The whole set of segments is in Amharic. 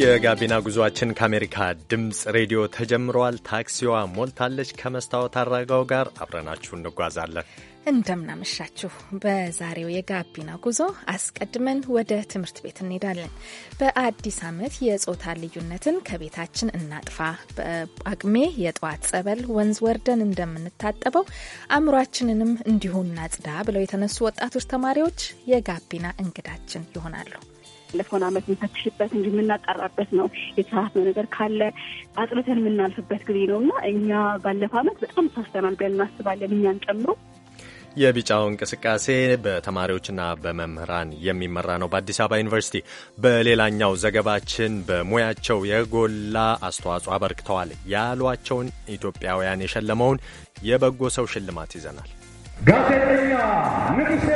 የጋቢና ጉዟችን ከአሜሪካ ድምፅ ሬዲዮ ተጀምረዋል። ታክሲዋ ሞልታለች። ከመስታወት አድራጋው ጋር አብረናችሁ እንጓዛለን። እንደምናመሻችሁ። በዛሬው የጋቢና ጉዞ አስቀድመን ወደ ትምህርት ቤት እንሄዳለን። በአዲስ ዓመት የጾታ ልዩነትን ከቤታችን እናጥፋ፣ በጳጉሜ የጠዋት ጸበል ወንዝ ወርደን እንደምንታጠበው አእምሯችንንም እንዲሁ እናጽዳ ብለው የተነሱ ወጣቶች ተማሪዎች የጋቢና እንግዳችን ይሆናሉ። ያለፈውን አመት የምንፈትሽበት እንጂ የምናጣራበት ነው። የተሳሳትነው ነገር ካለ አጥርተን የምናልፍበት ጊዜ ነው እና እኛ ባለፈው ዓመት በጣም ተሳስተናል ብለን እናስባለን እኛን ጨምሮ። የቢጫው እንቅስቃሴ በተማሪዎችና በመምህራን የሚመራ ነው በአዲስ አበባ ዩኒቨርሲቲ። በሌላኛው ዘገባችን በሙያቸው የጎላ አስተዋጽኦ አበርክተዋል ያሏቸውን ኢትዮጵያውያን የሸለመውን የበጎ ሰው ሽልማት ይዘናል። ጋዜጠኛ ንጉሴ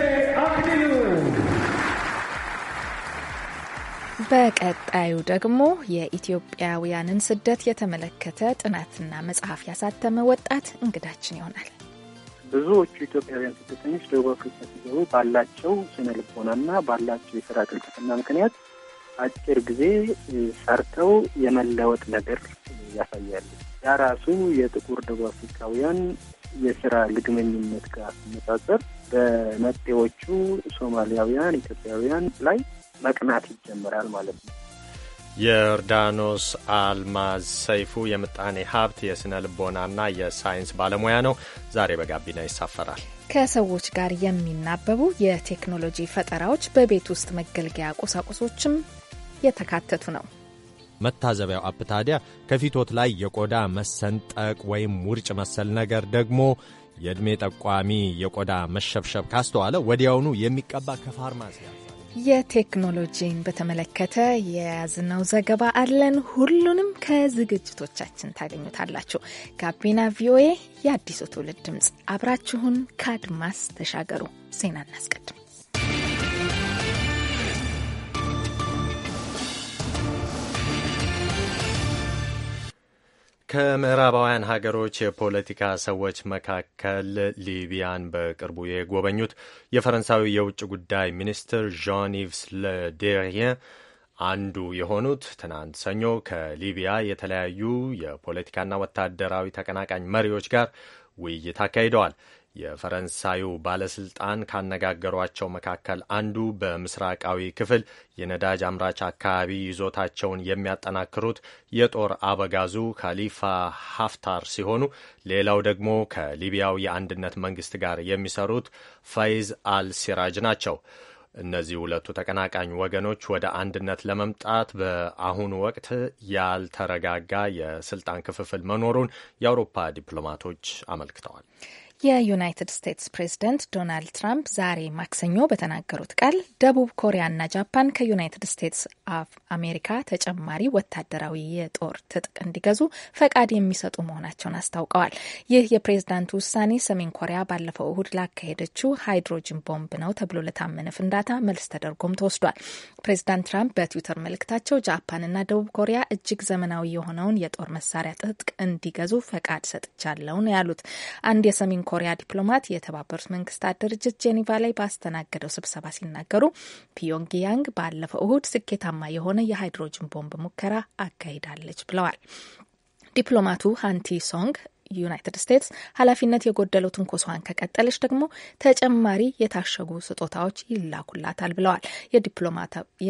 በቀጣዩ ደግሞ የኢትዮጵያውያንን ስደት የተመለከተ ጥናትና መጽሐፍ ያሳተመ ወጣት እንግዳችን ይሆናል። ብዙዎቹ ኢትዮጵያውያን ስደተኞች ደቡብ አፍሪካ ሲገቡ ባላቸው ስነ ልቦናና ባላቸው የስራ ቅልጥፍና ምክንያት አጭር ጊዜ ሰርተው የመለወጥ ነገር ያሳያሉ። ያ ራሱ የጥቁር ደቡብ አፍሪካውያን የስራ ልግመኝነት ጋር ሲነጻጸር በመጤዎቹ ሶማሊያውያን፣ ኢትዮጵያውያን ላይ መቅናት ይጀምራል ማለት ነው። የዮርዳኖስ አልማዝ ሰይፉ የምጣኔ ሀብት የስነ ልቦናና የሳይንስ ባለሙያ ነው። ዛሬ በጋቢና ይሳፈራል። ከሰዎች ጋር የሚናበቡ የቴክኖሎጂ ፈጠራዎች በቤት ውስጥ መገልገያ ቁሳቁሶችም የተካተቱ ነው። መታዘቢያው አፕ ታዲያ ከፊቶት ላይ የቆዳ መሰንጠቅ ወይም ውርጭ መሰል ነገር ደግሞ የዕድሜ ጠቋሚ የቆዳ መሸብሸብ ካስተዋለ ወዲያውኑ የሚቀባ ከፋርማሲ የቴክኖሎጂን በተመለከተ የያዝነው ዘገባ አለን። ሁሉንም ከዝግጅቶቻችን ታገኙታላችሁ። ጋቢና ቪኦኤ የአዲሱ ትውልድ ድምፅ፣ አብራችሁን ከአድማስ ተሻገሩ። ዜና እናስቀድም። ከምዕራባውያን ሀገሮች የፖለቲካ ሰዎች መካከል ሊቢያን በቅርቡ የጎበኙት የፈረንሳዊ የውጭ ጉዳይ ሚኒስትር ዣን ይቭስ አንዱ የሆኑት ትናንት ሰኞ ከሊቢያ የተለያዩ የፖለቲካና ወታደራዊ ተቀናቃኝ መሪዎች ጋር ውይይት አካሂደዋል። የፈረንሳዩ ባለስልጣን ካነጋገሯቸው መካከል አንዱ በምስራቃዊ ክፍል የነዳጅ አምራች አካባቢ ይዞታቸውን የሚያጠናክሩት የጦር አበጋዙ ካሊፋ ሀፍታር ሲሆኑ ሌላው ደግሞ ከሊቢያው የአንድነት መንግስት ጋር የሚሰሩት ፋይዝ አልሲራጅ ናቸው። እነዚህ ሁለቱ ተቀናቃኝ ወገኖች ወደ አንድነት ለመምጣት በአሁኑ ወቅት ያልተረጋጋ የስልጣን ክፍፍል መኖሩን የአውሮፓ ዲፕሎማቶች አመልክተዋል። የዩናይትድ ስቴትስ ፕሬዝደንት ዶናልድ ትራምፕ ዛሬ ማክሰኞ በተናገሩት ቃል ደቡብ ኮሪያና ጃፓን ከዩናይትድ ስቴትስ አፍ አሜሪካ ተጨማሪ ወታደራዊ የጦር ትጥቅ እንዲገዙ ፈቃድ የሚሰጡ መሆናቸውን አስታውቀዋል። ይህ የፕሬዝዳንቱ ውሳኔ ሰሜን ኮሪያ ባለፈው እሁድ ላካሄደችው ሃይድሮጂን ቦምብ ነው ተብሎ ለታመነ ፍንዳታ መልስ ተደርጎም ተወስዷል። ፕሬዝዳንት ትራምፕ በትዊተር መልእክታቸው ጃፓንና ደቡብ ኮሪያ እጅግ ዘመናዊ የሆነውን የጦር መሳሪያ ትጥቅ እንዲገዙ ፈቃድ ሰጥቻለሁ ነው ያሉት። አንድ የሰሜን ኮሪያ ዲፕሎማት የተባበሩት መንግስታት ድርጅት ጄኔቫ ላይ ባስተናገደው ስብሰባ ሲናገሩ ፒዮንግያንግ ባለፈው እሁድ ስኬታማ የሆነ የሃይድሮጅን ቦምብ ሙከራ አካሂዳለች ብለዋል። ዲፕሎማቱ ሃንቲ ሶንግ ዩናይትድ ስቴትስ ኃላፊነት የጎደለው ትንኮሳዋን ከቀጠለች ደግሞ ተጨማሪ የታሸጉ ስጦታዎች ይላኩላታል ብለዋል።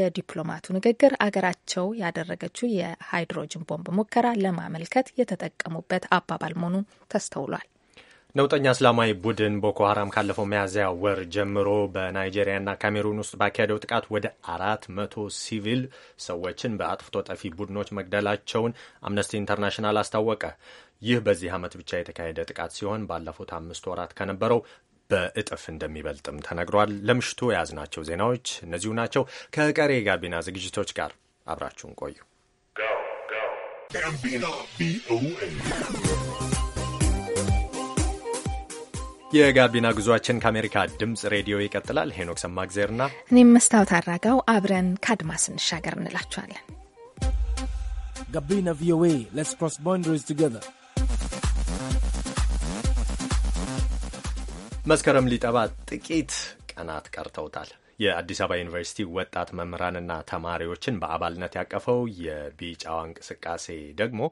የዲፕሎማቱ ንግግር አገራቸው ያደረገችው የሃይድሮጅን ቦምብ ሙከራ ለማመልከት የተጠቀሙበት አባባል መሆኑን ተስተውሏል። ነውጠኛ እስላማዊ ቡድን ቦኮ ሀራም ካለፈው መያዝያ ወር ጀምሮ በናይጄሪያና ካሜሩን ውስጥ ባካሄደው ጥቃት ወደ አራት መቶ ሲቪል ሰዎችን በአጥፍቶ ጠፊ ቡድኖች መግደላቸውን አምነስቲ ኢንተርናሽናል አስታወቀ። ይህ በዚህ ዓመት ብቻ የተካሄደ ጥቃት ሲሆን ባለፉት አምስት ወራት ከነበረው በእጥፍ እንደሚበልጥም ተነግሯል። ለምሽቱ የያዝናቸው ዜናዎች እነዚሁ ናቸው። ከቀሪ ጋቢና ዝግጅቶች ጋር አብራችሁን ቆዩ። የጋቢና ጉዟችን ከአሜሪካ ድምፅ ሬዲዮ ይቀጥላል። ሄኖክ ሰማግዜርና እኔም መስታወት አድራጋው አብረን ከአድማስ እንሻገር እንላችኋለን። ጋቢና ቪኦኤ ሌትስ ክሮስ ቦንደሪስ ቱጌዘር መስከረም ሊጠባ ጥቂት ቀናት ቀርተውታል። የአዲስ አበባ ዩኒቨርሲቲ ወጣት መምህራንና ተማሪዎችን በአባልነት ያቀፈው የቢጫዋ እንቅስቃሴ ደግሞ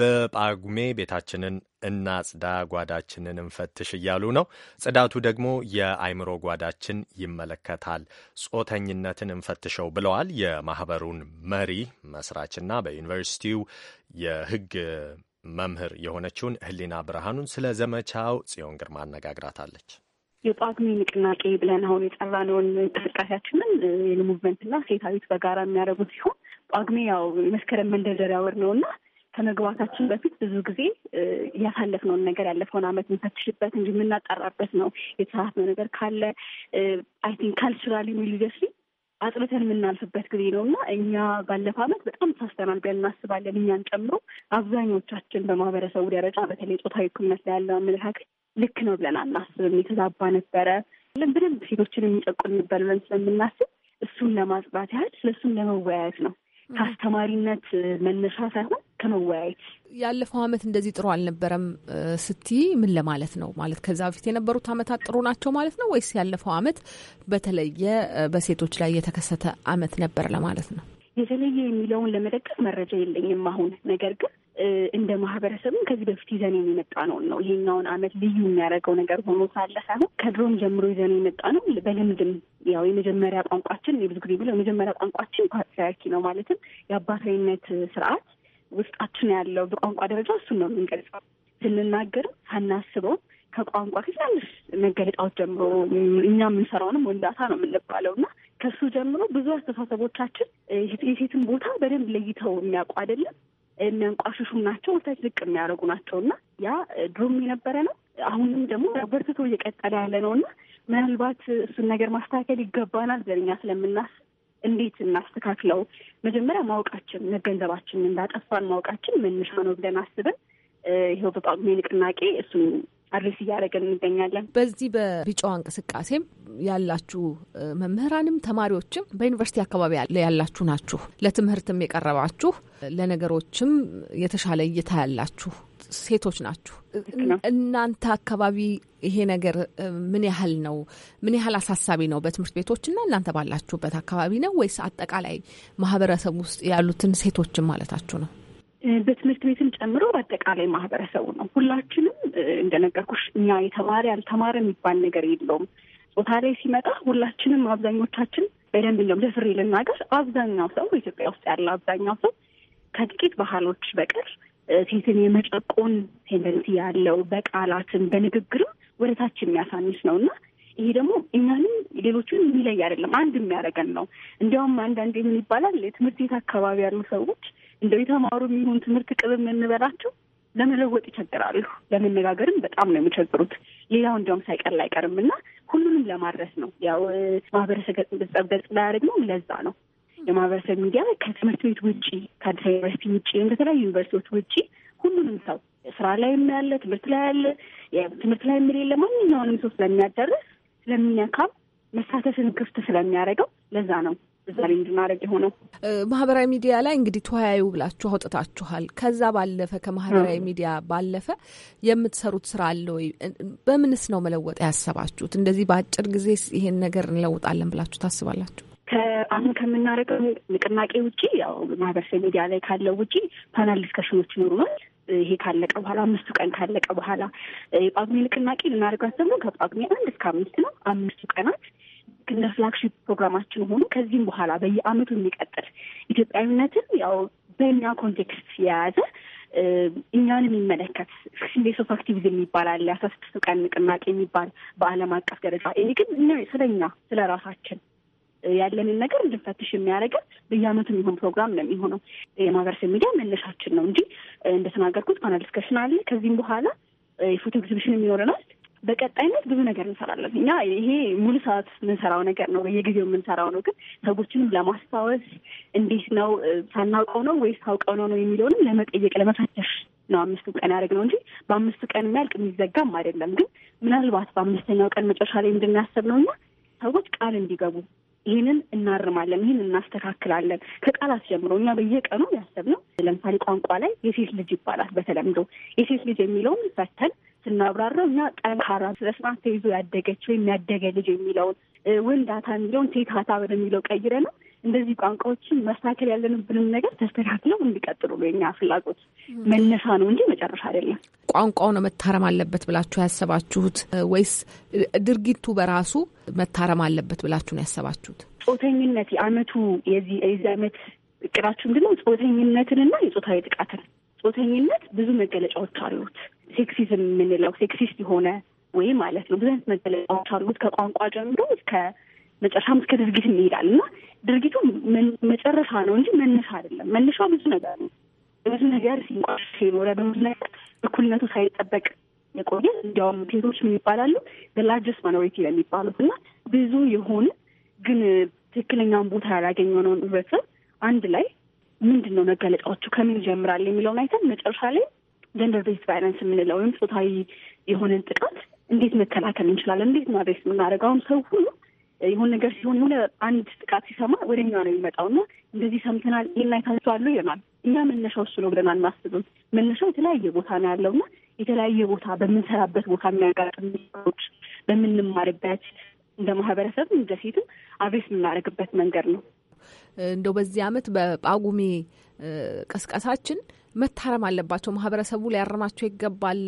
በጳጉሜ ቤታችንን እናጽዳ፣ ጓዳችንን እንፈትሽ እያሉ ነው። ጽዳቱ ደግሞ የአይምሮ ጓዳችን ይመለከታል። ጾተኝነትን እንፈትሸው ብለዋል የማህበሩን መሪ መስራችና በዩኒቨርሲቲው የህግ መምህር የሆነችውን ህሊና ብርሃኑን ስለ ዘመቻው ጽዮን ግርማ አነጋግራታለች። የጳጉሜ ንቅናቄ ብለን አሁን የጠራነውን እንቅስቃሴያችንን የሙቭመንትና ሴታዊት በጋራ የሚያደርጉት ሲሆን ጳጉሜ ያው መስከረም መንደርደሪያ ወር ነው እና ከመግባታችን በፊት ብዙ ጊዜ ያሳለፍነውን ነገር ያለፈውን ዓመት የምንፈትሽበት እንጂ የምናጠራበት ነው። የተሳሳትነው ነገር ካለ አይ ቲንክ ካልቸራል ሪሊጅስሊ አጥርተን የምናልፍበት ጊዜ ነው እና እኛ ባለፈው አመት በጣም ተሳስተናል ብለን እናስባለን። እኛን ጨምሮ አብዛኞቻችን በማህበረሰቡ ደረጃ በተለይ ጾታዊ እኩልነት ላይ ያለው አመለካከት ልክ ነው ብለን አናስብም። የተዛባ ነበረ ብለን በደንብ ሴቶችን የሚጨቁን ነበር ብለን ስለምናስብ እሱን ለማጽባት ያህል ስለሱም ለመወያየት ነው ከአስተማሪነት መነሻ ሳይሆን ከመወያየት ያለፈው አመት እንደዚህ ጥሩ አልነበረም ስቲ ምን ለማለት ነው? ማለት ከዛ በፊት የነበሩት አመታት ጥሩ ናቸው ማለት ነው ወይስ ያለፈው አመት በተለየ በሴቶች ላይ የተከሰተ አመት ነበር ለማለት ነው? የተለየ የሚለውን ለመደገፍ መረጃ የለኝም አሁን። ነገር ግን እንደ ማህበረሰብም ከዚህ በፊት ይዘን የመጣ ነው ነው ይሄኛውን አመት ልዩ የሚያደርገው ነገር ሆኖ ሳለ ሳይሆን ከድሮም ጀምሮ ይዘን የመጣ ነው። በልምድም ያው የመጀመሪያ ቋንቋችን ብዙ ጊዜ ብለው የመጀመሪያ ቋንቋችን ፓትሪያርኪ ነው። ማለትም የአባታዊነት ስርዓት ውስጣችን ያለው በቋንቋ ደረጃ እሱን ነው የምንገልጸው። ስንናገርም ሳናስበው ከቋንቋ ከትናንሽ መገለጫዎች ጀምሮ እኛ የምንሰራውንም ወንዳታ ነው የምንባለው እና ከሱ ጀምሮ ብዙ አስተሳሰቦቻችን የሴትን ቦታ በደንብ ለይተው የሚያውቁ አይደለም የሚያንቋሽሹም ናቸው፣ ወታች ዝቅ የሚያደርጉ ናቸው እና ያ ድሮም የነበረ ነው። አሁንም ደግሞ በርትቶ እየቀጠለ ያለ ነው እና ምናልባት እሱን ነገር ማስተካከል ይገባናል ብለን ስለምናስ እንዴት እናስተካክለው? መጀመሪያ ማወቃችን መገንዘባችን እንዳጠፋን ማወቃችን መነሻ ነው ብለን አስበን ይኸው በጳጉሜ ንቅናቄ እሱን አድሬስ እያደረገን እንገኛለን። በዚህ በቢጫዋ እንቅስቃሴም ያላችሁ መምህራንም ተማሪዎችም በዩኒቨርሲቲ አካባቢ ያላችሁ ናችሁ። ለትምህርትም የቀረባችሁ ለነገሮችም የተሻለ እይታ ያላችሁ ሴቶች ናችሁ። እናንተ አካባቢ ይሄ ነገር ምን ያህል ነው? ምን ያህል አሳሳቢ ነው? በትምህርት ቤቶችና እናንተ ባላችሁበት አካባቢ ነው ወይስ አጠቃላይ ማህበረሰብ ውስጥ ያሉትን ሴቶችን ማለታችሁ ነው? በትምህርት ቤትም ጨምሮ በአጠቃላይ ማህበረሰቡ ነው። ሁላችንም እንደነገርኩሽ እኛ የተማረ ያልተማረ የሚባል ነገር የለውም። ጾታ ላይ ሲመጣ ሁላችንም አብዛኞቻችን በደንብ እንደውም ደፍሬ ልናገር አብዛኛው ሰው ኢትዮጵያ ውስጥ ያለ አብዛኛው ሰው ከጥቂት ባህሎች በቀር ሴትን የመጨቆን ቴንደንሲ ያለው በቃላትም በንግግርም ወደ ታች የሚያሳንስ ነው እና ይሄ ደግሞ እኛንም ሌሎችን የሚለይ አይደለም፣ አንድ የሚያደርገን ነው። እንዲያውም አንዳንዴ ምን ይባላል፣ የትምህርት ቤት አካባቢ ያሉ ሰዎች እንደው የተማሩ የሚሆን ትምህርት ቅብም የምንበላቸው ለመለወጥ ይቸግራሉ። ለመነጋገርም በጣም ነው የሚቸግሩት። ሌላው እንዲያውም ሳይቀር ላይቀርም እና ሁሉንም ለማድረስ ነው ያው ማህበረሰብ ገጽ ገጽ ላይ ለዛ ነው። የማህበረሰብ ሚዲያ ከትምህርት ቤት ውጭ ከአዲስ ዩኒቨርሲቲ ውጭ ወይም ከተለያዩ ዩኒቨርሲቲዎች ውጭ ሁሉንም ሰው ስራ ላይም ያለ ትምህርት ላይ ያለ ትምህርት ላይ የሌለ ማንኛውንም ሰው ስለሚያዳርስ ስለሚነካም መሳተፍን ክፍት ስለሚያደርገው ለዛ ነው ዛሬ እንድናደረግ የሆነው ማህበራዊ ሚዲያ ላይ እንግዲህ ተወያዩ ብላችሁ አውጥታችኋል። ከዛ ባለፈ ከማህበራዊ ሚዲያ ባለፈ የምትሰሩት ስራ አለ ወይ? በምንስ ነው መለወጥ ያሰባችሁት? እንደዚህ በአጭር ጊዜ ይሄን ነገር እንለውጣለን ብላችሁ ታስባላችሁ? አሁን ከምናደርገው ንቅናቄ ውጭ ያው ማህበረሰብ ሚዲያ ላይ ካለው ውጭ ፓናል ዲስከሽኖች ይኖሩናል። ይሄ ካለቀ በኋላ አምስቱ ቀን ካለቀ በኋላ የጳጉሜ ንቅናቄ ልናደርጋት ደግሞ ከጳጉሜ አንድ እስከ አምስት ነው። አምስቱ ቀናት ልክ እንደ ፍላግሺፕ ፕሮግራማችን ሆኖ ከዚህም በኋላ በየአመቱ የሚቀጥል ኢትዮጵያዊነትን ያው በእኛ ኮንቴክስት የያዘ እኛን የሚመለከት ስሜስ ኦፍ አክቲቪዝም የሚባል አለ። ስድስቱ ቀን ንቅናቄ የሚባል በአለም አቀፍ ደረጃ ይሄ ግን ስለ እኛ ስለ ራሳችን ያለንን ነገር እንድንፈትሽ የሚያደርገን በየአመቱ የሚሆን ፕሮግራም ነው የሚሆነው። የማህበረሰብ ሚዲያ መነሻችን ነው እንጂ እንደተናገርኩት ፓናል ዲስከሽን አለ። ከዚህም በኋላ የፎቶ ኤግዚቢሽን የሚኖረናል። በቀጣይነት ብዙ ነገር እንሰራለን። እኛ ይሄ ሙሉ ሰዓት የምንሰራው ነገር ነው፣ በየጊዜው የምንሰራው ነው። ግን ሰዎችንም ለማስታወስ እንዴት ነው ሳናውቀው ነው ወይስ ታውቀው ነው ነው የሚለውንም ለመጠየቅ ለመፈተሽ ነው አምስቱ ቀን ያደረግነው እንጂ በአምስቱ ቀን የሚያልቅ የሚዘጋም አይደለም። ግን ምናልባት በአምስተኛው ቀን መጨረሻ ላይ እንድናስብ ነው እና እኛ ሰዎች ቃል እንዲገቡ ይህንን እናርማለን፣ ይህን እናስተካክላለን። ከቃላት ጀምሮ እኛ በየቀኑ ያሰብነው ለምሳሌ ቋንቋ ላይ የሴት ልጅ ይባላል በተለምዶ የሴት ልጅ የሚለውን ፈተን ስናብራራው እኛ ጠንካራ ስለስርዓት ተይዞ ያደገች ወይም ያደገ ልጅ የሚለውን ወንዳታ የሚለውን ሴታታ ወደሚለው ቀይረ ነው እንደዚህ ቋንቋዎችን መስተካከል ያለንብንም ነገር ተስተካክለው እንዲቀጥሉ ነው የኛ ፍላጎት። መነሻ ነው እንጂ መጨረሻ አይደለም። ቋንቋው ነው መታረም አለበት ብላችሁ ያሰባችሁት ወይስ ድርጊቱ በራሱ መታረም አለበት ብላችሁ ነው ያሰባችሁት? ጾተኝነት የአመቱ የዚህ አመት እቅዳችሁ ምንድነው? ጾተኝነትንና የጾታዊ ጥቃትን። ጾተኝነት ብዙ መገለጫዎች አሉት። ሴክሲዝም የምንለው ሴክሲስት የሆነ ወይ ማለት ነው ብዙ አይነት መገለጫዎች አሉት ከቋንቋ ጀምሮ እስከ መጨረሻም እስከ ድርጊት ይሄዳል እና ድርጊቱ መጨረሻ ነው እንጂ መነሻ አይደለም። መነሻ ብዙ ነገር ነው። ብዙ ነገር ሲንቋሽ የኖረ በብዙ ነገር እኩልነቱ ሳይጠበቅ የቆየ እንዲያውም ሴቶች ምን ይባላሉ በላርጀስት ማኖሪቲ የሚባሉት እና ብዙ የሆነ ግን ትክክለኛውን ቦታ ያላገኘው ነው ህብረተሰብ አንድ ላይ ምንድን ነው መገለጫዎቹ ከምን ይጀምራል የሚለውን አይተን መጨረሻ ላይ ጀንደር ቤዝ ቫይለንስ የምንለው ወይም ፆታዊ የሆነን ጥቃት እንዴት መከላከል እንችላለን፣ እንዴት ማድረስ የምናደርገውን ሰው ሁሉ የሆነ ነገር ሲሆን የሆነ አንድ ጥቃት ሲሰማ ወደኛ ነው የሚመጣው እና እንደዚህ ሰምተናል፣ ይህን አይታችኋል ይሆናል። እኛ መነሻው እሱ ነው ብለን አናስብም። መነሻው የተለያየ ቦታ ነው ያለው እና የተለያየ ቦታ በምንሰራበት ቦታ የሚያጋጥም ነገሮች በምንማርበት እንደ ማህበረሰብም እንደ ሴትም አብሬት የምናደርግበት መንገድ ነው። እንደው በዚህ አመት በጳጉሜ ቀስቀሳችን መታረም አለባቸው ማህበረሰቡ ሊያርማቸው ይገባል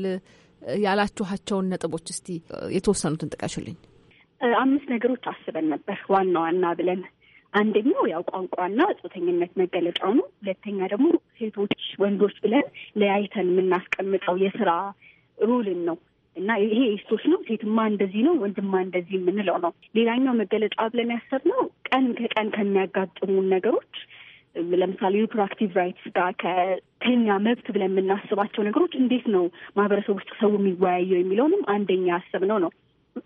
ያላችኋቸውን ነጥቦች እስቲ የተወሰኑትን ጥቀሽልኝ። አምስት ነገሮች አስበን ነበር ዋና ዋና ብለን። አንደኛው ያው ቋንቋና ጾተኝነት መገለጫው ነው። ሁለተኛ ደግሞ ሴቶች፣ ወንዶች ብለን ለያይተን የምናስቀምጠው የስራ ሩልን ነው እና ይሄ ሴቶች ነው ሴትማ እንደዚህ ነው ወንድማ እንደዚህ የምንለው ነው። ሌላኛው መገለጫ ብለን ያሰብነው ቀን ከቀን ከሚያጋጥሙን ነገሮች ለምሳሌ ሪፕሮዳክቲቭ ራይትስ ጋር ከተኛ መብት ብለን የምናስባቸው ነገሮች እንዴት ነው ማህበረሰብ ውስጥ ሰው የሚወያየው የሚለውንም አንደኛ ያሰብነው ነው።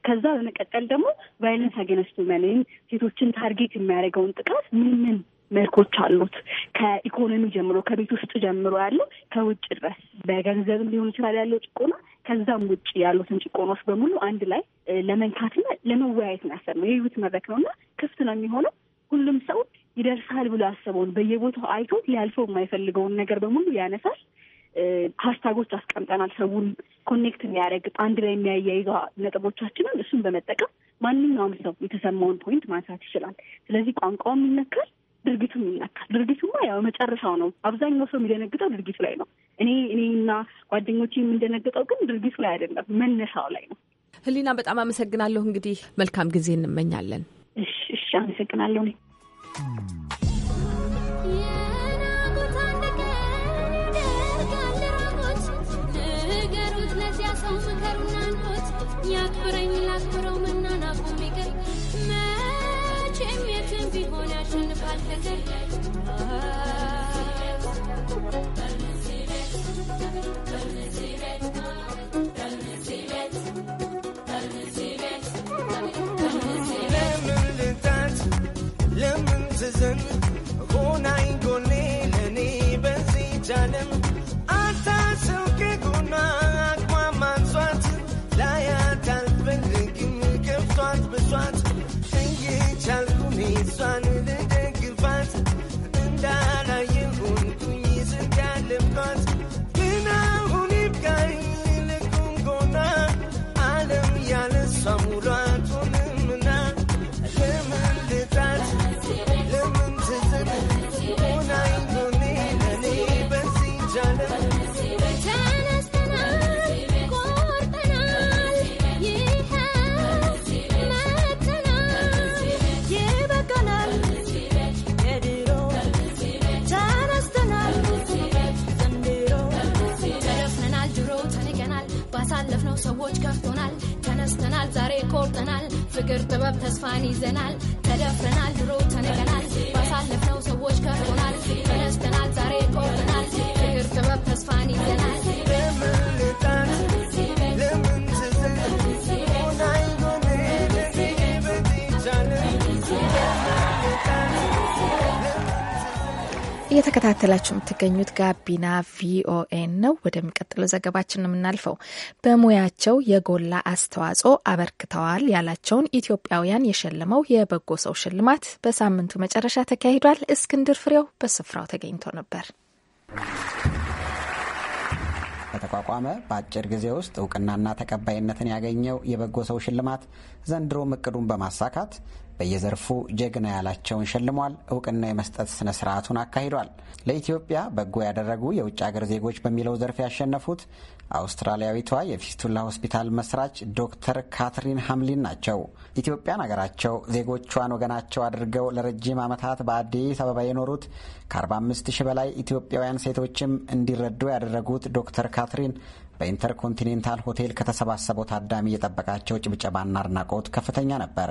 ከዛ በመቀጠል ደግሞ ቫይለንስ አጌንስት ውመን ወይም ሴቶችን ታርጌት የሚያደርገውን ጥቃት ምን ምን መልኮች አሉት? ከኢኮኖሚ ጀምሮ ከቤት ውስጥ ጀምሮ ያለው ከውጭ ድረስ በገንዘብም ሊሆን ይችላል ያለው ጭቆና፣ ከዛም ውጭ ያሉትን ጭቆናዎች በሙሉ አንድ ላይ ለመንካትና ለመወያየት ነው የህይወት መድረክ ነው እና ክፍት ነው የሚሆነው ሁሉም ሰው ይደርሳል ብሎ ያሰበውን በየቦታው አይቶ ሊያልፈው የማይፈልገውን ነገር በሙሉ ያነሳል። ሀሽታጎች አስቀምጠናል። ሰውን ኮኔክት የሚያደርግ አንድ ላይ የሚያያይዘ ነጥቦቻችንን እሱን በመጠቀም ማንኛውም ሰው የተሰማውን ፖይንት ማንሳት ይችላል። ስለዚህ ቋንቋውም ይነካል፣ ድርጊቱም ይነካል። ድርጊቱማ ያው መጨረሻው ነው። አብዛኛው ሰው የሚደነግጠው ድርጊቱ ላይ ነው። እኔ እኔና ጓደኞች የምንደነግጠው ግን ድርጊቱ ላይ አይደለም፣ መነሻው ላይ ነው። ህሊና፣ በጣም አመሰግናለሁ። እንግዲህ መልካም ጊዜ እንመኛለን። እሺ፣ እሺ፣ አመሰግናለሁ እኔ you. ሰዎች ከፍቶናል፣ ተነስተናል፣ ዛሬ ቆርጠናል፣ ፍቅር ጥበብ ተስፋን ይዘናል፣ ተደፍረናል፣ ድሮ ተነቀናል፣ ባሳለፍነው ሰዎች ከፍቶናል፣ ተነስተናል፣ ዛሬ ቆርጠናል፣ ፍቅር ጥበብ ተስፋን ይዘናል። እየተከታተላችሁ የምትገኙት ጋቢና ቪኦኤን ነው። ወደሚቀጥለው ዘገባችን ነው የምናልፈው። በሙያቸው የጎላ አስተዋጽኦ አበርክተዋል ያላቸውን ኢትዮጵያውያን የሸለመው የበጎ ሰው ሽልማት በሳምንቱ መጨረሻ ተካሂዷል። እስክንድር ፍሬው በስፍራው ተገኝቶ ነበር። በተቋቋመ በአጭር ጊዜ ውስጥ እውቅናና ተቀባይነትን ያገኘው የበጎ ሰው ሽልማት ዘንድሮም እቅዱን በማሳካት በየዘርፉ ጀግና ያላቸውን ሸልሟል። እውቅና የመስጠት ስነ ስርዓቱን አካሂዷል። ለኢትዮጵያ በጎ ያደረጉ የውጭ ሀገር ዜጎች በሚለው ዘርፍ ያሸነፉት አውስትራሊያዊቷ የፊስቱላ ሆስፒታል መስራች ዶክተር ካትሪን ሀምሊን ናቸው። ኢትዮጵያን አገራቸው፣ ዜጎቿን ወገናቸው አድርገው ለረጅም ዓመታት በአዲስ አበባ የኖሩት ከ45 ሺህ በላይ ኢትዮጵያውያን ሴቶችም እንዲረዱ ያደረጉት ዶክተር ካትሪን በኢንተርኮንቲኔንታል ሆቴል ከተሰባሰበው ታዳሚ የጠበቃቸው ጭብጨባና አድናቆት ከፍተኛ ነበር።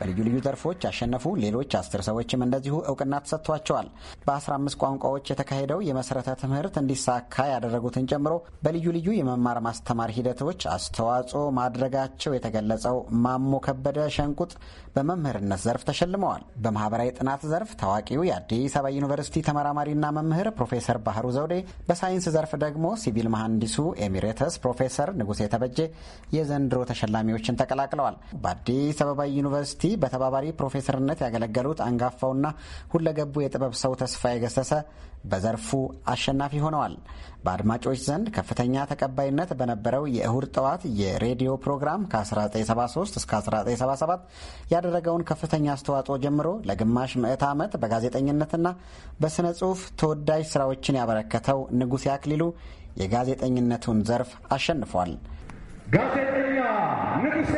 በልዩ ልዩ ዘርፎች ያሸነፉ ሌሎች አስር ሰዎችም እንደዚሁ እውቅና ተሰጥቷቸዋል። በ15 ቋንቋዎች የተካሄደው የመሰረተ ትምህርት እንዲሳካ ያደረጉትን ጨምሮ በልዩ ልዩ የመማር ማስተማር ሂደቶች አስተዋጽኦ ማድረጋቸው የተገለጸው ማሞ ከበደ ሸንቁጥ በመምህርነት ዘርፍ ተሸልመዋል። በማህበራዊ ጥናት ዘርፍ ታዋቂው የአዲስ አበባ ዩኒቨርሲቲ ተመራማሪና መምህር ፕሮፌሰር ባህሩ ዘውዴ፣ በሳይንስ ዘርፍ ደግሞ ሲቪል መሐንዲሱ ኤሚሬተስ ፕሮፌሰር ንጉሴ ተበጀ የዘንድሮ ተሸላሚዎችን ተቀላቅለዋል። በአዲስ አበባ ዩኒቨርሲቲ ዩኒቨርሲቲ በተባባሪ ፕሮፌሰርነት ያገለገሉት አንጋፋውና ሁለገቡ የጥበብ ሰው ተስፋዬ ገሰሰ በዘርፉ አሸናፊ ሆነዋል። በአድማጮች ዘንድ ከፍተኛ ተቀባይነት በነበረው የእሁድ ጠዋት የሬዲዮ ፕሮግራም ከ1973 እስከ 1977 ያደረገውን ከፍተኛ አስተዋጽኦ ጀምሮ ለግማሽ ምዕት ዓመት በጋዜጠኝነትና በሥነ ጽሑፍ ተወዳጅ ሥራዎችን ያበረከተው ንጉሴ አክሊሉ የጋዜጠኝነቱን ዘርፍ አሸንፏል። ጋዜጠኛ ንጉሴ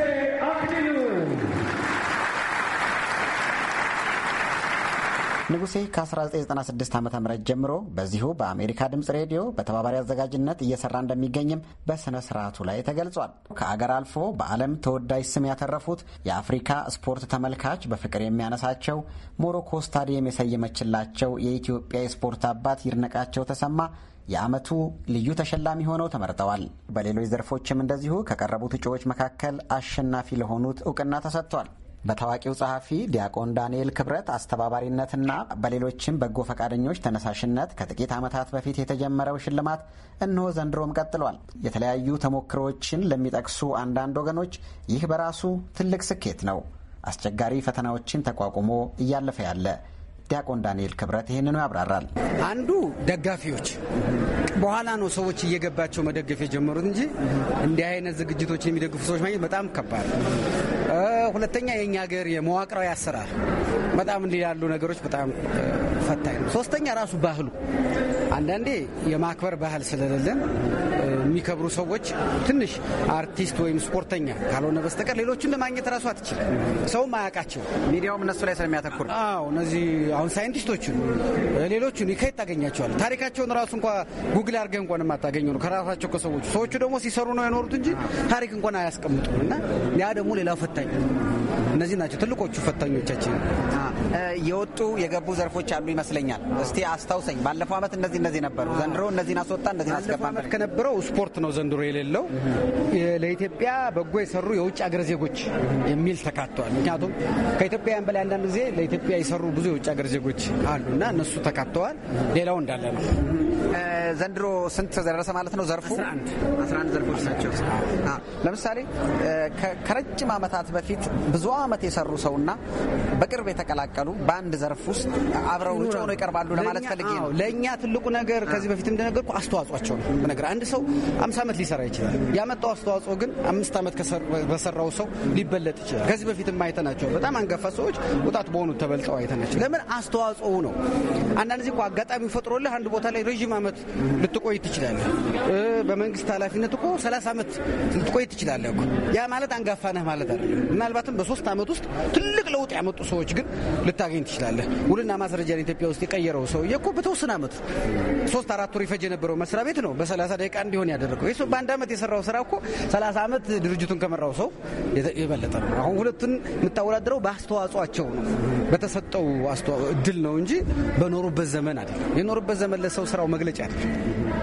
ንጉሴ ከ1996 ዓ ም ጀምሮ በዚሁ በአሜሪካ ድምፅ ሬዲዮ በተባባሪ አዘጋጅነት እየሰራ እንደሚገኝም በሥነ ሥርዓቱ ላይ ተገልጿል። ከአገር አልፎ በዓለም ተወዳጅ ስም ያተረፉት የአፍሪካ ስፖርት ተመልካች በፍቅር የሚያነሳቸው ሞሮኮ ስታዲየም የሰየመችላቸው የኢትዮጵያ የስፖርት አባት ይድነቃቸው ተሰማ የዓመቱ ልዩ ተሸላሚ ሆነው ተመርጠዋል። በሌሎች ዘርፎችም እንደዚሁ ከቀረቡት እጩዎች መካከል አሸናፊ ለሆኑት እውቅና ተሰጥቷል። በታዋቂው ጸሐፊ ዲያቆን ዳንኤል ክብረት አስተባባሪነትና በሌሎችም በጎ ፈቃደኞች ተነሳሽነት ከጥቂት ዓመታት በፊት የተጀመረው ሽልማት እነሆ ዘንድሮም ቀጥሏል። የተለያዩ ተሞክሮዎችን ለሚጠቅሱ አንዳንድ ወገኖች ይህ በራሱ ትልቅ ስኬት ነው። አስቸጋሪ ፈተናዎችን ተቋቁሞ እያለፈ ያለ ዲያቆን ዳንኤል ክብረት ይህንኑ ያብራራል። አንዱ ደጋፊዎች በኋላ ነው ሰዎች እየገባቸው መደገፍ የጀመሩት እንጂ እንዲህ አይነት ዝግጅቶችን የሚደግፉ ሰዎች ማግኘት በጣም ከባድ ሁለተኛ የእኛ ሀገር የመዋቅራዊ አሰራር በጣም እንዲህ ያሉ ነገሮች በጣም ፈታኝ ነው። ሶስተኛ ራሱ ባህሉ አንዳንዴ የማክበር ባህል ስለሌለን የሚከብሩ ሰዎች ትንሽ አርቲስት ወይም ስፖርተኛ ካልሆነ በስተቀር ሌሎችን ለማግኘት ራሱ አትችልም። ሰውም አያውቃቸው። ሚዲያውም እነሱ ላይ ስለሚያተኩር አዎ፣ እነዚህ አሁን ሳይንቲስቶቹን ሌሎቹን ከየት ታገኛቸዋል? ታሪካቸውን ራሱ እንኳ ጉግል አድርገህ እንኳን የማታገኘው ነው ከራሳቸው ከሰዎቹ። ሰዎቹ ደግሞ ሲሰሩ ነው የኖሩት እንጂ ታሪክ እንኳን አያስቀምጡም። እና ያ ደግሞ ሌላው ፈታኝ እነዚህ ናቸው ትልቆቹ ፈታኞቻችን። የወጡ የገቡ ዘርፎች አሉ ይመስለኛል። እስቲ አስታውሰኝ። ባለፈው ዓመት እነዚህ እነዚህ ነበሩ፣ ዘንድሮ እነዚህን አስወጣ፣ እነዚህን አስገባ። ከነበረው ስፖርት ነው ዘንድሮ የሌለው። ለኢትዮጵያ በጎ የሰሩ የውጭ አገር ዜጎች የሚል ተካተዋል። ምክንያቱም ከኢትዮጵያውያን በላይ አንዳንድ ጊዜ ለኢትዮጵያ የሰሩ ብዙ የውጭ አገር ዜጎች አሉ እና እነሱ ተካተዋል። ሌላው እንዳለ ነው። ዘንድሮ ስንት ደረሰ ማለት ነው? ዘርፉ ዘርፎች ናቸው። ለምሳሌ ከረጅም ዓመታት በፊት ብዙ ዓመት የሰሩ ሰውና በቅርብ የተቀላቀሉ በቀሉ በአንድ ዘርፍ ውስጥ አብረው ጮሮ ይቀርባሉ ለማለት ፈልጌ ነው። ለእኛ ትልቁ ነገር ከዚህ በፊት እንደነገርኩ አስተዋጽኦቸው ነው። ነገር አንድ ሰው አምስት ዓመት ሊሰራ ይችላል። ያመጣው አስተዋጽኦ ግን አምስት ዓመት በሰራው ሰው ሊበለጥ ይችላል። ከዚህ በፊትም አይተናቸው በጣም አንጋፋ ሰዎች ወጣት በሆኑ ተበልጠው አይተናቸው። ለምን አስተዋጽኦ ነው። አንዳንድ ጊዜ አጋጣሚ ፈጥሮልህ አንድ ቦታ ላይ ረዥም ዓመት ልትቆይ ትችላለህ። በመንግስት ኃላፊነት እኮ ሰላሳ ዓመት ልትቆይ ትችላለህ። ያ ማለት አንጋፋ ነህ ማለት አይደለም። ምናልባትም በሶስት ዓመት ውስጥ ትልቅ ለውጥ ያመጡ ሰዎች ግን ልታገኝ ትችላለህ። ውልና ማስረጃን ኢትዮጵያ ውስጥ የቀየረው ሰውዬ እኮ በተወሰነ አመቱ ሶስት አራት ወር ይፈጅ የነበረው መስሪያ ቤት ነው በሰላሳ ደቂቃ እንዲሆን ያደረገው። ይሱ በአንድ አመት የሰራው ስራ እኮ ሰላሳ አመት ድርጅቱን ከመራው ሰው የበለጠ ነው። አሁን ሁለቱን የምታወዳድረው በአስተዋጽቸው ነው፣ በተሰጠው እድል ነው እንጂ በኖሩበት ዘመን አይደለም። የኖሩበት ዘመን ለሰው ስራው መግለጫ አይደለም።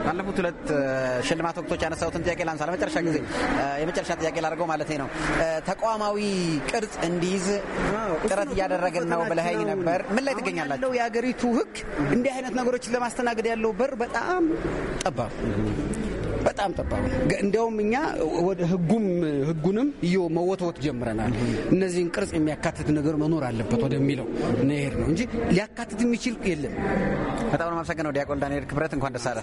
ባለፉት ሁለት ሽልማት ወቅቶች ያነሳሁትን ጥያቄ ላንሳ፣ ለመጨረሻ ጊዜ የመጨረሻ ጥያቄ ላድርገው ማለት ነው። ተቋማዊ ቅርጽ እንዲይዝ ጥረት እያደረግን ነው በላይ ነበር። ምን ላይ ትገኛላችሁ? የሀገሪቱ ህግ እንዲህ አይነት ነገሮችን ለማስተናገድ ያለው በር በጣም ጠባብ በጣም ጠባብ ነው። እንዲያውም እኛ ወደ ህጉም ህጉንም እዮ መወትወት ጀምረናል። እነዚህን ቅርጽ የሚያካትት ነገር መኖር አለበት ወደሚለው ነሄድ ነው እንጂ ሊያካትት የሚችል የለም። በጣም ነው ማመሰግነው። ዲያቆን ዳንኤል ክብረት እንኳን ደስ አለ።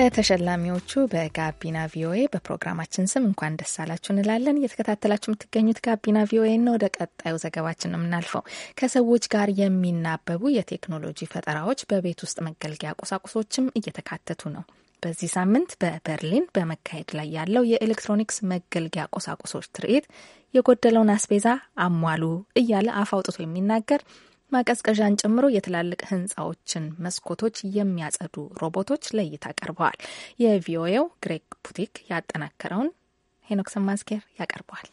ለተሸላሚዎቹ በጋቢና ቪኦኤ በፕሮግራማችን ስም እንኳን ደስ አላችሁ እንላለን። እየተከታተላችሁ የምትገኙት ጋቢና ቪኦኤ ነው። ወደ ቀጣዩ ዘገባችን ነው የምናልፈው። ከሰዎች ጋር የሚናበቡ የቴክኖሎጂ ፈጠራዎች በቤት ውስጥ መገልገያ ቁሳቁሶችም እየተካተቱ ነው። በዚህ ሳምንት በበርሊን በመካሄድ ላይ ያለው የኤሌክትሮኒክስ መገልገያ ቁሳቁሶች ትርኢት የጎደለውን አስቤዛ አሟሉ እያለ አፍ አውጥቶ የሚናገር ማቀዝቀዣን ጨምሮ የትላልቅ ህንፃዎችን መስኮቶች የሚያጸዱ ሮቦቶች ለእይታ ቀርበዋል። የቪኦኤው ግሬግ ፑቲክ ያጠናከረውን ሄኖክ ማስኬር ያቀርበዋል።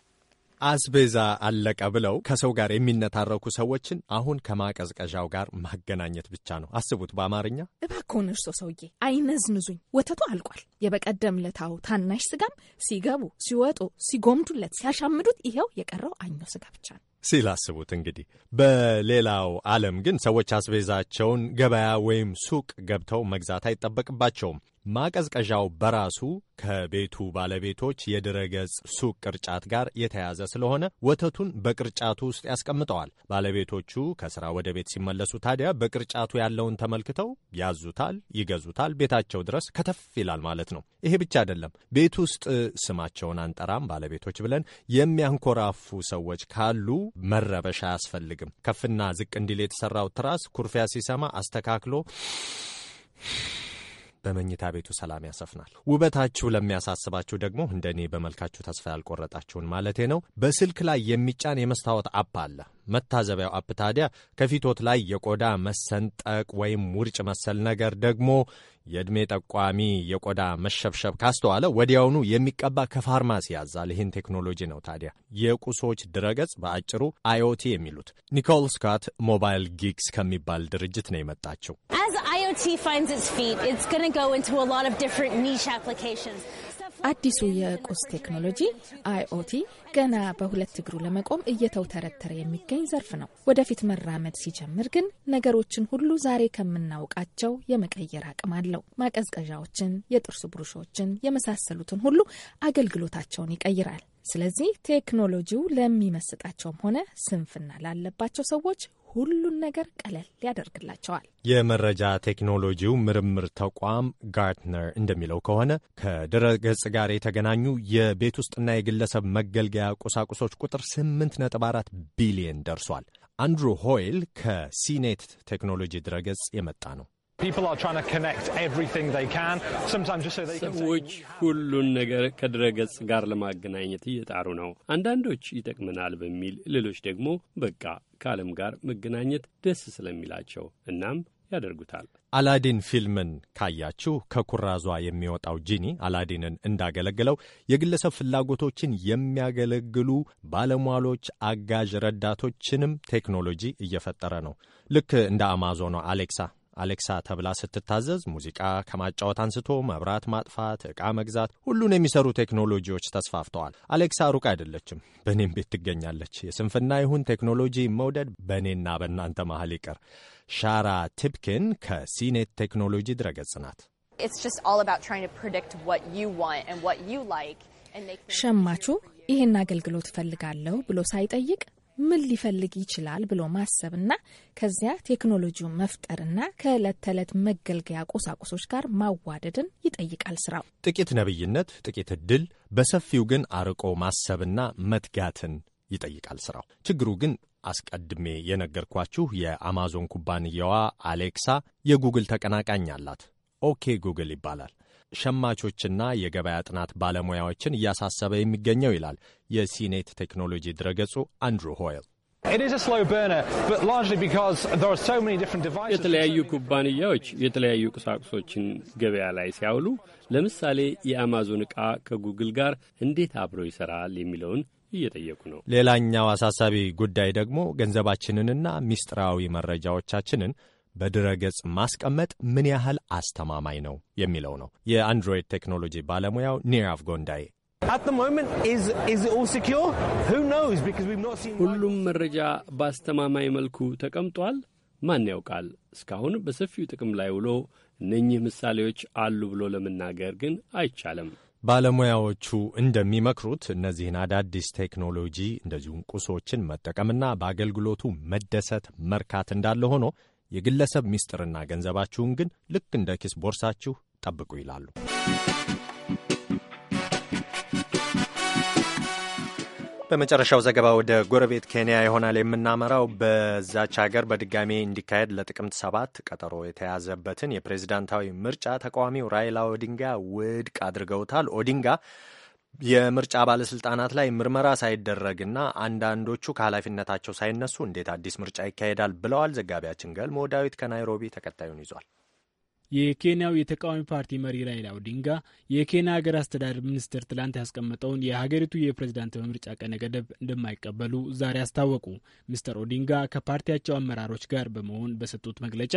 አስቤዛ አለቀ ብለው ከሰው ጋር የሚነታረኩ ሰዎችን አሁን ከማቀዝቀዣው ጋር ማገናኘት ብቻ ነው። አስቡት በአማርኛ። እባክዎን እርሶ ሰውዬ አይነዝንዙኝ፣ ወተቱ አልቋል። የበቀደም ለታው ታናሽ ስጋም ሲገቡ ሲወጡ ሲጎምዱለት ሲያሻምዱት ይኸው የቀረው አኞ ስጋ ብቻ ነው ሲል አስቡት እንግዲህ። በሌላው ዓለም ግን ሰዎች አስቤዛቸውን ገበያ ወይም ሱቅ ገብተው መግዛት አይጠበቅባቸውም። ማቀዝቀዣው በራሱ ከቤቱ ባለቤቶች የድረገጽ ሱቅ ቅርጫት ጋር የተያዘ ስለሆነ ወተቱን በቅርጫቱ ውስጥ ያስቀምጠዋል። ባለቤቶቹ ከስራ ወደ ቤት ሲመለሱ ታዲያ በቅርጫቱ ያለውን ተመልክተው ያዙታል፣ ይገዙታል፣ ቤታቸው ድረስ ከተፍ ይላል ማለት ነው። ይሄ ብቻ አይደለም። ቤት ውስጥ ስማቸውን አንጠራም ባለቤቶች ብለን የሚያንኮራፉ ሰዎች ካሉ መረበሻ አያስፈልግም። ከፍና ዝቅ እንዲል የተሰራው ትራስ ኩርፊያ ሲሰማ አስተካክሎ በመኝታ ቤቱ ሰላም ያሰፍናል። ውበታችሁ ለሚያሳስባችሁ ደግሞ እንደ እኔ በመልካችሁ ተስፋ ያልቆረጣችሁን ማለቴ ነው። በስልክ ላይ የሚጫን የመስታወት አፕ አለ። መታዘቢያው አፕ ታዲያ ከፊቶት ላይ የቆዳ መሰንጠቅ ወይም ውርጭ መሰል ነገር ደግሞ የዕድሜ ጠቋሚ የቆዳ መሸብሸብ ካስተዋለ ወዲያውኑ የሚቀባ ከፋርማሲ ያዛል። ይህን ቴክኖሎጂ ነው ታዲያ የቁሶች ድረገጽ በአጭሩ አይኦቲ የሚሉት። ኒኮል ስካት ሞባይል ጊግስ ከሚባል ድርጅት ነው የመጣችው። IoT finds its feet, it's going to go into a lot of different niche applications. አዲሱ የቁስ ቴክኖሎጂ አይኦቲ ገና በሁለት እግሩ ለመቆም እየተውተረተረ የሚገኝ ዘርፍ ነው። ወደፊት መራመድ ሲጀምር ግን ነገሮችን ሁሉ ዛሬ ከምናውቃቸው የመቀየር አቅም አለው። ማቀዝቀዣዎችን፣ የጥርስ ብሩሾችን የመሳሰሉትን ሁሉ አገልግሎታቸውን ይቀይራል። ስለዚህ ቴክኖሎጂው ለሚመስጣቸውም ሆነ ስንፍና ላለባቸው ሰዎች ሁሉን ነገር ቀለል ያደርግላቸዋል። የመረጃ ቴክኖሎጂው ምርምር ተቋም ጋርትነር እንደሚለው ከሆነ ከድረ ገጽ ጋር የተገናኙ የቤት ውስጥና የግለሰብ መገልገያ ቁሳቁሶች ቁጥር 8.4 ቢሊየን ደርሷል። አንድሩ ሆይል ከሲኔት ቴክኖሎጂ ድረገጽ የመጣ ነው። ሰዎች ሁሉን ነገር ከድረገጽ ጋር ለማገናኘት እየጣሩ ነው። አንዳንዶች ይጠቅመናል በሚል ሌሎች ደግሞ በቃ ከዓለም ጋር መገናኘት ደስ ስለሚላቸው እናም ያደርጉታል። አላዲን ፊልምን ካያችሁ ከኩራዟ የሚወጣው ጂኒ አላዲንን እንዳገለገለው የግለሰብ ፍላጎቶችን የሚያገለግሉ ባለሟሎች፣ አጋዥ ረዳቶችንም ቴክኖሎጂ እየፈጠረ ነው። ልክ እንደ አማዞኗ አሌክሳ አሌክሳ ተብላ ስትታዘዝ ሙዚቃ ከማጫወት አንስቶ መብራት ማጥፋት፣ ዕቃ መግዛት፣ ሁሉን የሚሰሩ ቴክኖሎጂዎች ተስፋፍተዋል። አሌክሳ ሩቅ አይደለችም፣ በእኔም ቤት ትገኛለች። የስንፍና ይሁን ቴክኖሎጂ መውደድ በእኔና በእናንተ መሀል ይቅር። ሻራ ቲፕኪን ከሲኔት ቴክኖሎጂ ድረገጽ ናት። ሸማቹ ይህን አገልግሎት እፈልጋለሁ ብሎ ሳይጠይቅ ምን ሊፈልግ ይችላል ብሎ ማሰብና ከዚያ ቴክኖሎጂውን መፍጠርና ከዕለት ተዕለት መገልገያ ቁሳቁሶች ጋር ማዋደድን ይጠይቃል ስራው። ጥቂት ነብይነት፣ ጥቂት እድል፣ በሰፊው ግን አርቆ ማሰብና መትጋትን ይጠይቃል ስራው። ችግሩ ግን አስቀድሜ የነገርኳችሁ የአማዞን ኩባንያዋ አሌክሳ የጉግል ተቀናቃኝ አላት። ኦኬ ጉግል ይባላል። ሸማቾችና የገበያ ጥናት ባለሙያዎችን እያሳሰበ የሚገኘው ይላል የሲኔት ቴክኖሎጂ ድረገጹ አንድሩ ሆይል። የተለያዩ ኩባንያዎች የተለያዩ ቁሳቁሶችን ገበያ ላይ ሲያውሉ ለምሳሌ የአማዞን ዕቃ ከጉግል ጋር እንዴት አብሮ ይሠራል የሚለውን እየጠየቁ ነው። ሌላኛው አሳሳቢ ጉዳይ ደግሞ ገንዘባችንንና ሚስጥራዊ መረጃዎቻችንን በድረገጽ ማስቀመጥ ምን ያህል አስተማማኝ ነው የሚለው ነው የአንድሮይድ ቴክኖሎጂ ባለሙያው ኒራፍ ጎንዳይ። ሁሉም መረጃ በአስተማማኝ መልኩ ተቀምጧል። ማን ያውቃል? እስካሁን በሰፊው ጥቅም ላይ ውሎ እነኚህ ምሳሌዎች አሉ ብሎ ለመናገር ግን አይቻልም። ባለሙያዎቹ እንደሚመክሩት እነዚህን አዳዲስ ቴክኖሎጂ እንደዚሁም ቁሶችን መጠቀምና በአገልግሎቱ መደሰት መርካት እንዳለ ሆኖ የግለሰብ ምስጢርና ገንዘባችሁን ግን ልክ እንደ ኪስ ቦርሳችሁ ጠብቁ ይላሉ። በመጨረሻው ዘገባ ወደ ጎረቤት ኬንያ ይሆናል የምናመራው። በዛች ሀገር በድጋሜ እንዲካሄድ ለጥቅምት ሰባት ቀጠሮ የተያዘበትን የፕሬዝዳንታዊ ምርጫ ተቃዋሚው ራይላ ኦዲንጋ ውድቅ አድርገውታል። ኦዲንጋ የምርጫ ባለስልጣናት ላይ ምርመራ ሳይደረግና አንዳንዶቹ ከኃላፊነታቸው ሳይነሱ እንዴት አዲስ ምርጫ ይካሄዳል ብለዋል። ዘጋቢያችን ገልሞ ዳዊት ከናይሮቢ ተከታዩን ይዟል። የኬንያው የተቃዋሚ ፓርቲ መሪ ራይላ ኦዲንጋ የኬንያ ሀገር አስተዳደር ሚኒስትር ትላንት ያስቀመጠውን የሀገሪቱ የፕሬዚዳንት ምርጫ ቀነ ገደብ እንደማይቀበሉ ዛሬ አስታወቁ። ሚስተር ኦዲንጋ ከፓርቲያቸው አመራሮች ጋር በመሆን በሰጡት መግለጫ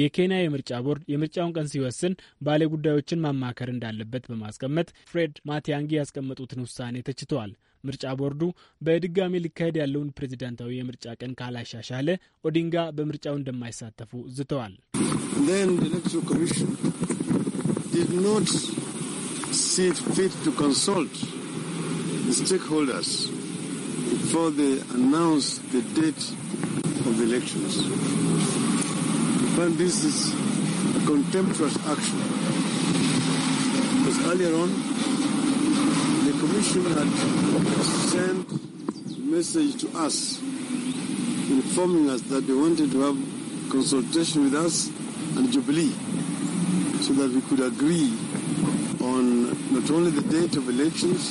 የኬንያ የምርጫ ቦርድ የምርጫውን ቀን ሲወስን ባለ ጉዳዮችን ማማከር እንዳለበት በማስቀመጥ ፍሬድ ማቲያንጊ ያስቀመጡትን ውሳኔ ተችተዋል። ምርጫ ቦርዱ በድጋሚ ሊካሄድ ያለውን ፕሬዚዳንታዊ የምርጫ ቀን ካላሻሻለ ኦዲንጋ በምርጫው እንደማይሳተፉ ዝተዋል። issue that sent message to us informing us that they wanted to have consultation with us and Jubilee so that we could agree on not only the date of elections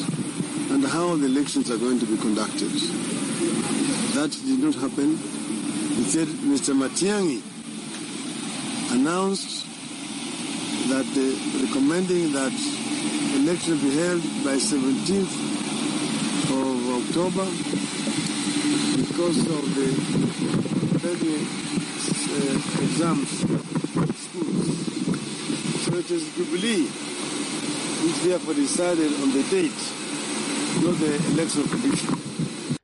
and how the elections are going to be conducted. That did not happen. Instead, Mr. Matiangi announced that the, uh, recommending that election be held by 17th of October because of the many uh, exams schools. So it is Jubilee which therefore decided on the date, not the election commission.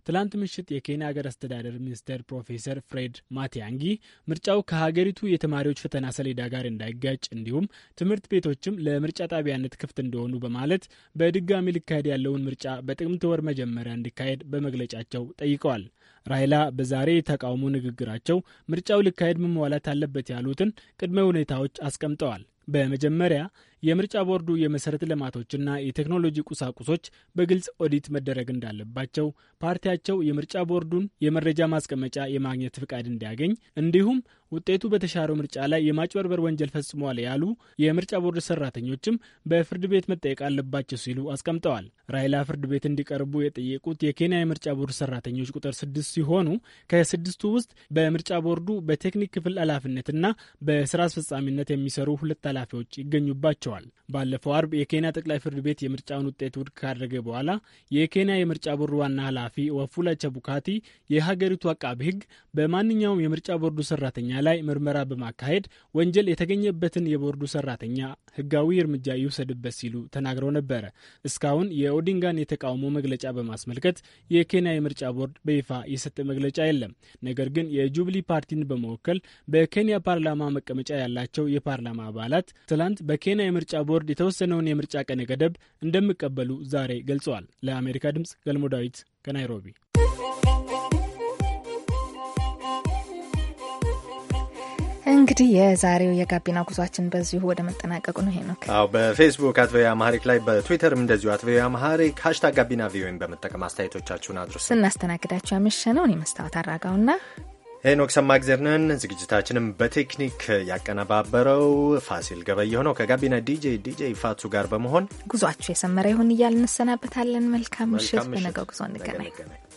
ትላንት ምሽት የኬንያ ሀገር አስተዳደር ሚኒስትር ፕሮፌሰር ፍሬድ ማቲያንጊ ምርጫው ከሀገሪቱ የተማሪዎች ፈተና ሰሌዳ ጋር እንዳይጋጭ እንዲሁም ትምህርት ቤቶችም ለምርጫ ጣቢያነት ክፍት እንደሆኑ በማለት በድጋሚ ሊካሄድ ያለውን ምርጫ በጥቅምት ወር መጀመሪያ እንዲካሄድ በመግለጫቸው ጠይቀዋል። ራይላ በዛሬ የተቃውሞ ንግግራቸው ምርጫው ሊካሄድ መሟላት አለበት ያሉትን ቅድመ ሁኔታዎች አስቀምጠዋል። በመጀመሪያ የምርጫ ቦርዱ የመሰረተ ልማቶችና የቴክኖሎጂ ቁሳቁሶች በግልጽ ኦዲት መደረግ እንዳለባቸው፣ ፓርቲያቸው የምርጫ ቦርዱን የመረጃ ማስቀመጫ የማግኘት ፍቃድ እንዲያገኝ እንዲሁም ውጤቱ በተሻረው ምርጫ ላይ የማጭበርበር ወንጀል ፈጽሟል ያሉ የምርጫ ቦርድ ሰራተኞችም በፍርድ ቤት መጠየቅ አለባቸው ሲሉ አስቀምጠዋል። ራይላ ፍርድ ቤት እንዲቀርቡ የጠየቁት የኬንያ የምርጫ ቦርድ ሰራተኞች ቁጥር ስድስት ሲሆኑ ከስድስቱ ውስጥ በምርጫ ቦርዱ በቴክኒክ ክፍል ኃላፊነትና በስራ አስፈጻሚነት የሚሰሩ ሁለት ኃላፊዎች ይገኙባቸዋል። ተናግረዋል። ባለፈው አርብ የኬንያ ጠቅላይ ፍርድ ቤት የምርጫውን ውጤት ውድቅ ካደረገ በኋላ የኬንያ የምርጫ ቦርድ ዋና ኃላፊ ወፉላ ቸቡካቲ የሀገሪቱ አቃቢ ሕግ በማንኛውም የምርጫ ቦርዱ ሰራተኛ ላይ ምርመራ በማካሄድ ወንጀል የተገኘበትን የቦርዱ ሰራተኛ ሕጋዊ እርምጃ ይውሰድበት ሲሉ ተናግረው ነበረ። እስካሁን የኦዲንጋን የተቃውሞ መግለጫ በማስመልከት የኬንያ የምርጫ ቦርድ በይፋ የሰጠ መግለጫ የለም። ነገር ግን የጁብሊ ፓርቲን በመወከል በኬንያ ፓርላማ መቀመጫ ያላቸው የፓርላማ አባላት ትላንት በኬንያ ምርጫ ቦርድ የተወሰነውን የምርጫ ቀነ ገደብ እንደሚቀበሉ ዛሬ ገልጸዋል። ለአሜሪካ ድምፅ ገልሞ ዳዊት ከናይሮቢ። እንግዲህ የዛሬው የጋቢና ጉዟችን በዚሁ ወደ መጠናቀቁ ነው። ሄኖክ አዎ፣ በፌስቡክ አት አማሪክ ላይ በትዊተርም እንደዚሁ አት ቪኦኤ አማሪክ ሀሽታግ ጋቢና ቪኦኤን በመጠቀም አስተያየቶቻችሁን አድርሱ። ስናስተናግዳችሁ ያመሸነውን የመስታወት አራጋውና ሄኖክ ሰማ እግዜርነን ዝግጅታችንም በቴክኒክ ያቀነባበረው ፋሲል ገበየሁ ነው። ከጋቢና ዲጄ ዲጄ ፋቱ ጋር በመሆን ጉዟችሁ የሰመረ ይሁን እያል እንሰናበታለን። መልካም ምሽት። በነገው ጉዞ እንገናኝ።